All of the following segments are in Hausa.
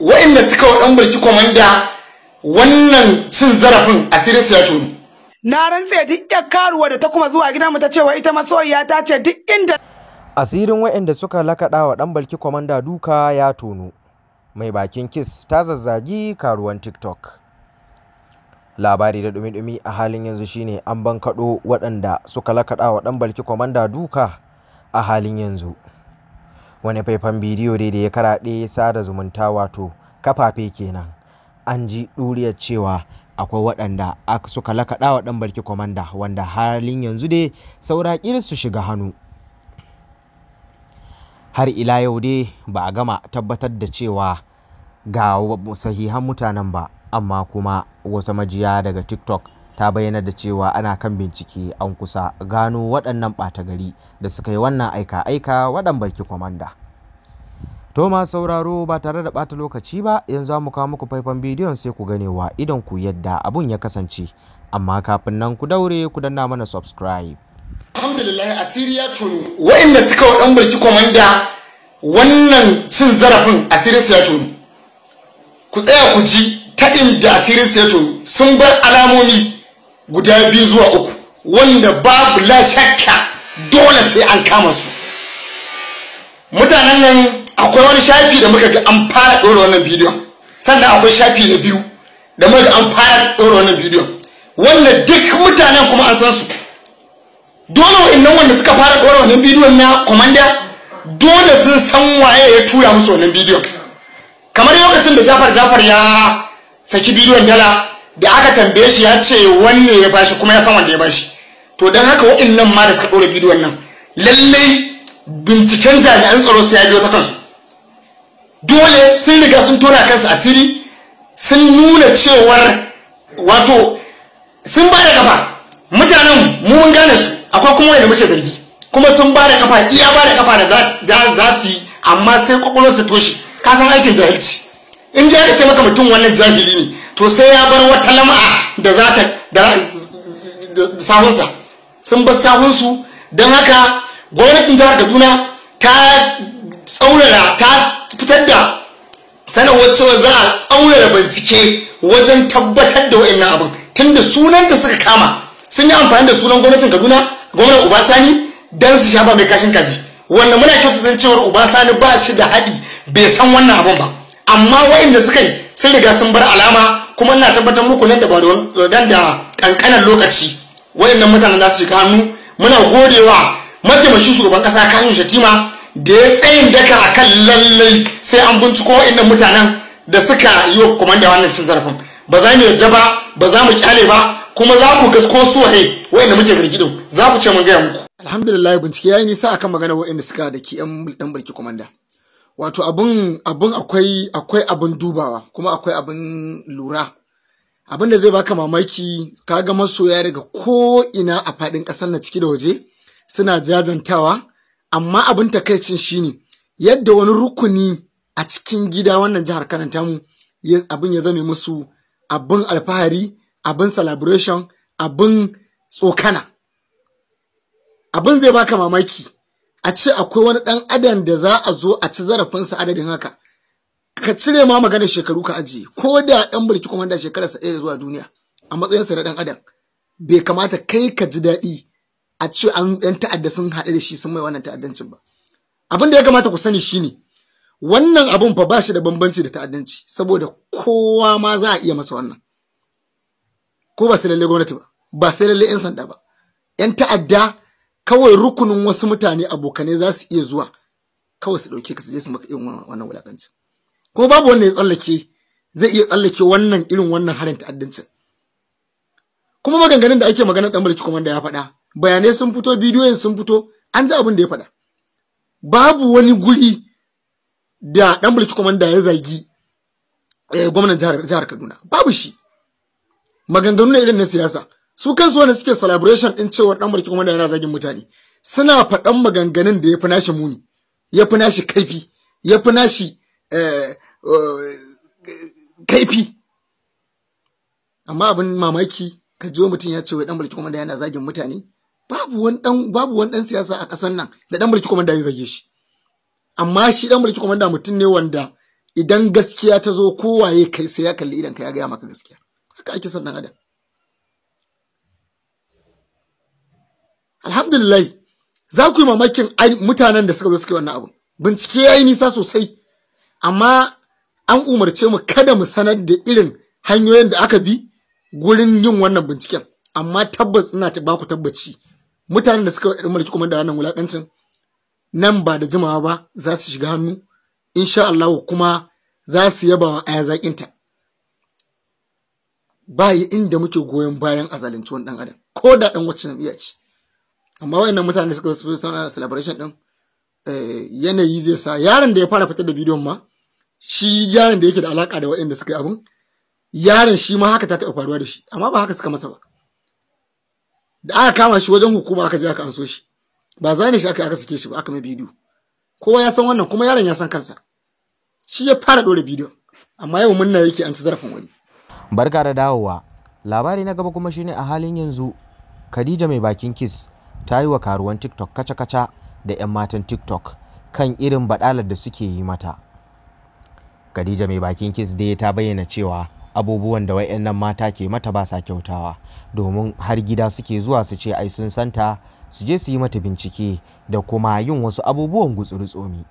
wa'inda suka wa burki komanda wannan cin zarafin su ya tuni na rantse duk yar karuwa da ta kuma zuwa gidan mu ta cewa ita masoyiya ta ce duk inda asirin wa'inda suka lakaɗa wa ɗan balki komanda duka ya tonu mai bakin kis ta zazzagi karuwan tiktok labari da dumi-dumi a halin yanzu shine an bankaɗo waɗanda suka lakaɗa wa ɗan balki komanda duka a halin yanzu wani faifan bidiyo dai da ya karaɗe sada zumunta wato kafafe kenan an ji ɗuriyar cewa akwai waɗanda aka suka lakaɗa wa ɗan barki kwamanda wanda halin yanzu dai saura su shiga hannu har ila yau dai ba a gama tabbatar da cewa ga sahihan mutanen ba amma kuma wata majiya daga tiktok ta bayyana da cewa ana kan bincike an kusa gano waɗannan ɓata gari da suka yi wannan aika-aika waɗan barki kwamanda. Toma sauraro ba tare da ɓata lokaci ba yanzu za mu kawo muku faifan bidiyon sai ku gane wa idan ku yadda abun ya kasance amma kafin nan ku daure ku danna mana subscribe. Alhamdulillah Asiriya tunu waɗanda suka waɗan barki kwamanda wannan cin zarafin asirin ya tunu. Ku tsaya ku ji ta inda asirin ya tunu sun bar alamomi guda biyu zuwa uku wanda babu la shakka dole sai an kama su mutanen nan akwai wani shafi da muka ga an fara ɗora wannan bidiyon sannan akwai shafi na biyu da muka ga an fara ɗora wannan bidiyon wanda duk mutanen kuma an san su dole wa'annan wanda suka fara ɗora wannan bidiyon na komanda dole sun san waye ya tura musu wannan bidiyon kamar lokacin da jafar jafar ya saki bidiyon dala da aka tambaye shi ya ce wanne ya bashi kuma ya san wanda ya bashi to dan haka wa'annan ma da suka ɗora bidiyon nan lallai binciken jami'an tsaro su ya biyo ta kansu dole sun riga sun tona kansu asiri sun nuna cewar wato sun ba da kafa mutanen mu mun gane su akwai kuma wanda muke zargi kuma sun ba da kafa iya ba da kafa da za su yi amma sai kwakwalwar su toshe ka san aikin jahilci in jahilci maka mutum wannan jahili ne to sai ya bar wata lama'a da za ta da sahunsa sun bar sahunsu don haka gwamnatin jihar kaduna ta tsaurara ta fitar da sanarwar cewa za a tsaurara bincike wajen tabbatar da wa'annan abin tunda sunan da suka kama sun yi amfani da sunan gwamnatin kaduna gwamnan ubasani don su shafa mai kashin kaji wanda muna kyautata cewar ubasani ba shi da haɗi bai san wannan abin ba amma wa'anda suka yi sun riga sun bar alama kuma ina tabbatar muku nan da ba dan da kankanan lokaci wayannan mutanen za su shiga hannu muna godewa mataimakin shugaban kasa kashin shatima da ya tsayin daka kan lallai sai an binciko wayannan mutanen da suka yi wa komanda wannan cin zarafin ba za mu yarda ba ba za mu kyale ba kuma za ku gasko su wahe wayanda muke girgidin za ku ce mun gaya muku alhamdulillah bincike ya yi nisa akan magana wayanda suka da ki yan dan barki kwamanda. wato abun akwai akwai abun dubawa kuma akwai abin lura abin da zai baka mamaki ka ga masoya daga ko ina a faɗin ƙasar na ciki da waje suna jajantawa amma abin takaicin shine yadda wani rukuni a cikin gida wannan jihar Kano tamu abin ya zame musu abin alfahari abin celebration abin tsokana abin zai baka mamaki a ce akwai wani ɗan adam da za a zo a ci zarafinsa adadin haka ka cire ma maganar shekaru ka ajiye ko da ɗan birki kwamanda shekararsa ɗaya zuwa duniya a matsayinsa na ɗan adam bai kamata kai ka ji daɗi a ce an ɗan ta'adda sun haɗu da shi sun mai wannan ta'addancin ba abin da ya kamata ku sani shine wannan abun fa ba shi da bambanci da ta'addanci saboda kowa ma za a iya masa wannan ko ba sai lalle gwamnati ba ba sai lalle yan sanda ba yan ta'adda kawai rukunin wasu mutane abokanai za su iya zuwa kawai su ɗauke ka su je su maka irin wannan wulakancin kuma babu wanda ya tsallake zai iya tsallake wannan irin wannan harin ta'addancin kuma maganganun da ake magana dan mulki kuma da ya faɗa bayanai sun fito bidiyoyin sun fito an ji abin da ya faɗa babu wani guri da dan mulki kuma da ya zagi eh, gwamnan jihar Kaduna babu shi maganganu ne irin na siyasa su kansu wanda suke celebration din cewa dan mulki kuma yana zagin mutane suna faɗan maganganun da ya fi nashi muni ya fi nashi kaifi ya fi nashi eh, eh, kaifi amma abin mamaki ka ji mutum ya ce wai dan mulki kuma yana zagin mutane babu wani dan babu wani dan siyasa a ƙasar nan da dan mulki kuma ya zage shi amma shi dan mulki kuma mutum ne wanda idan gaskiya ta zo kowaye kai sai ya kalli idan ka ya gaya maka gaskiya haka ake son dan adam alhamdulillah za ku yi mamakin mutanen da suka zo suka yi wannan abu bincike ya yi nisa sosai amma an umarce mu kada mu sanar da irin hanyoyin da aka bi gurin yin wannan binciken amma tabbas ina ba ku tabbaci mutanen da suka mulki kuma da wannan wulakancin nan ba da jimawa ba za su shiga hannu insha Allah kuma za su yaba wa aya zakinta ba inda muke goyon bayan azalunci wani dan adam ko da dan wacce iya ci? amma wayannan mutane suka su suna celebration din eh, yanayi zai sa yaron da ya fara fitar da bidiyon ma shi yaron da yake da alaka da wayanda suka yi abun yaron shi ma haka ta taɓa faruwa da shi amma ba haka suka masa ba da aka kama shi wajen hukuma aka je aka anso shi ba za ne shi aka aka sake shi ba aka mai bidiyo kowa ya san wannan kuma yaron ya san kansa shi ya fara dore bidiyon amma yau munna yake an ci zarafin wani barka da dawowa labari na gaba kuma shine a halin yanzu Khadija mai bakin kiss ta yi wa karuwan TikTok kaca-kaca da 'yan matan TikTok kan irin baɗalar da suke yi mata. Khadija mai bakin kis dai ta bayyana cewa abubuwan da wayannan mata ke mata ba sa kyautawa domin har gida suke zuwa su ce ai sun santa su je su yi mata bincike da kuma yin wasu abubuwan gutsuri tsomi.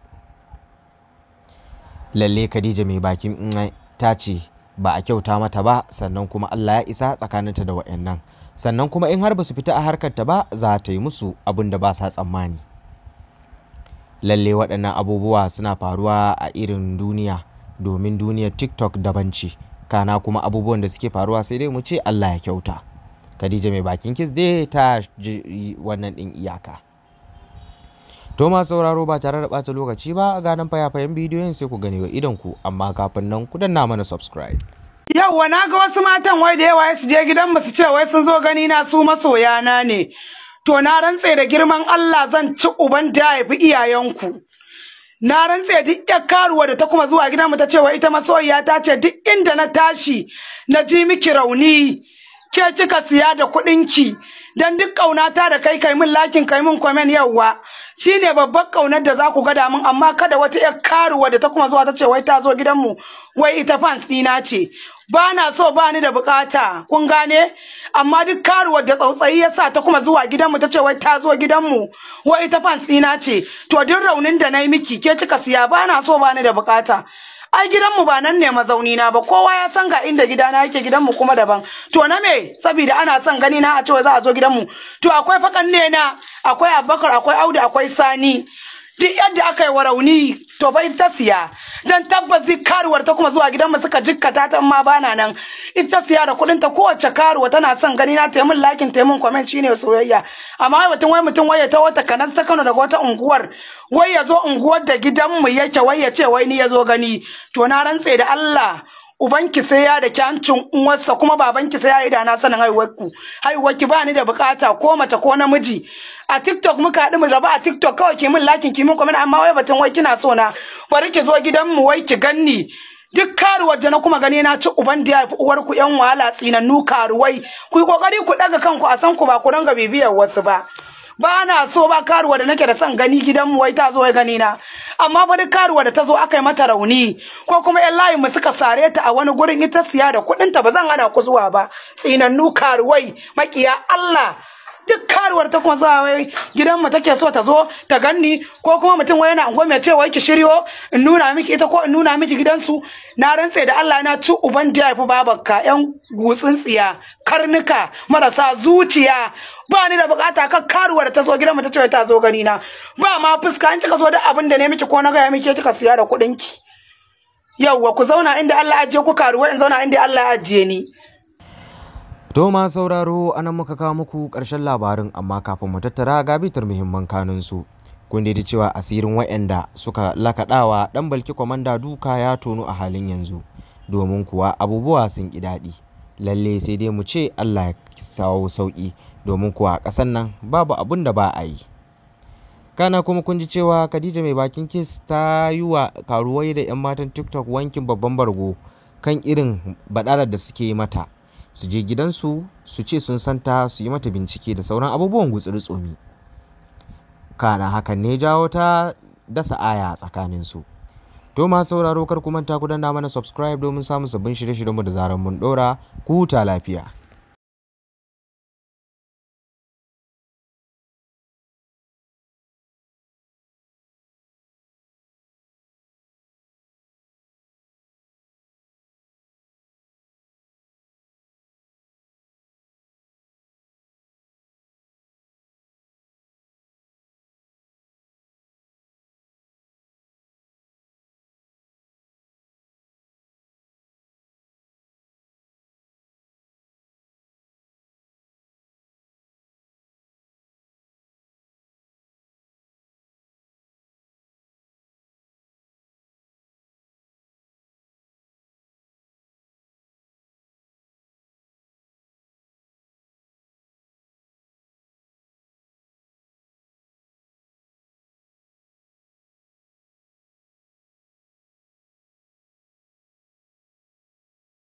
Lalle Khadija mai bakin mm, ta ce ba a kyauta mata ba sannan kuma Allah ya isa tsakaninta da wayannan. sannan kuma in har ba su fita a harkar ta ba za ta yi musu abin da ba sa tsammani lalle waɗannan abubuwa suna faruwa a irin duniya domin duniyar tiktok daban ce kana kuma abubuwan da suke faruwa sai dai mu ce allah ya kyauta khadija mai bakin kis dai ta ji wannan ɗin iyaka to ma sauraro ba tare da ɓata lokaci ba ga nan fayafayen bidiyon sai ku gani wa ku amma kafin nan ku danna mana subscribe Yauwa na ga wasu matan wai da yawa su je gidan su ce wai sun zo gani na su masoya na ne. To na rantse da girman Allah zan ci uban da haifi iyayenku. Na rantse duk ƴar karuwa da ta kuma zuwa gidan mu ta ce wai ita masoyiya ta ce duk inda na tashi na ji miki rauni ke kika siya da kuɗinki dan duk ƙaunata da kai kai min lakin kai min komen yauwa ne babbar ƙaunar da za ku gada min amma kada wata ƴar karuwa da ta kuma zuwa ta ce wai ta zo gidan wai ita fans ɗina ce Bana so bani da bukata kun gane amma duk karuwar da tsautsayi yasa ta kuma zuwa gidanmu ta ce wai ta zo gidanmu wai ita fans ce to duk raunin da nayi miki ke kika siya bana so bani da bukata ai gidanmu ba nan ne mazauni na ba kowa ya san ga inda gidana yake gidanmu kuma daban to na me saboda ana son gani na a cewa za a zo gidanmu to akwai fakan ne na akwai abubakar akwai audu akwai sani duk yadda aka yi wa rauni to bai ta siya dan tabbas duk karuwar ta kuma zuwa gidan mu suka jikkata ta ma bana nan ita siya da kuɗin ta kowace karuwa tana son gani na ta min lakin ta min comment shine soyayya amma wai mutum wai mutum wai ta wata kanas ta Kano daga wata unguwar wai yazo unguwar da gidan mu yake wai ya ce wai ni ya zo gani to na rantse da Allah ubanki sai ya da kyancin uwarsa kuma babanki sai ya yi da na sanin haihuwarku haihuwarki ba ni da bukata ko mace ko namiji a tiktok muka haɗu mu raba a tiktok kawai ki min lakin ki min comment amma wai batun wai kina so na bari ki zo gidanmu wai ki ganni duk karuwar da na kuma gani na ci uban da ya fi uwarku yan wahala tsinannu karuwai ku yi kokari ku ɗaga kanku a san ku ba ku ranga bibiyar wasu ba ba na so ba karuwa da nake da son gani gidanmu wai ta zo wai gani na amma wani karuwa da ta zo aka yi mata rauni ko kuma yan layin mu suka sare ta a wani gurin ita siya da kuɗinta ba zan hana ku zuwa ba tsinannu karuwai makiya Allah duk karuwar ta kuma zuwa wai gidan mu take so ta zo ta ganni ko kuma mutum wai yana ungo ya ce wai ki shiryo in nuna miki ita ko in nuna miki gidansu na rantse da Allah na ci uban da yafi babarka yan gutsin tsiya karnuka marasa zuciya ba ni da bukata kan karuwar ta zo gidan mu ta ce ta zo gani na ba ma fuska in kika zo da abin da ne miki ko na ga miki kika siya da kuɗin ki yawwa ku zauna inda Allah ya ajiye ku karuwa in zauna inda Allah ya ajiye ni To ma sauraro anan muka kawo muku ƙarshen labarin amma kafin mu tattara ga bitar muhimman kanun su. Kun da cewa asirin wayanda suka lakaɗawa ɗan balki kwamanda duka ya tonu a halin yanzu domin kuwa abubuwa sun ƙi daɗi. Lalle sai dai mu ce Allah ya sawo sauƙi domin kuwa a ƙasan nan babu abun da ba a yi. kana kuma kun ji cewa khadija mai bakin kis ta yi wa karuwai da 'yan matan tiktok wankin babban bargo kan irin badalar da suke yi mata su je gidansu su ce sun santa su yi mata bincike da sauran abubuwan gutsiri tsomi kana hakan ne jawo ta dasa aya tsakaninsu to ma sauraro kar ku manta ku danna mana subscribe domin samun sabbin shirye-shiryenmu da zarar mun dora ku ta lafiya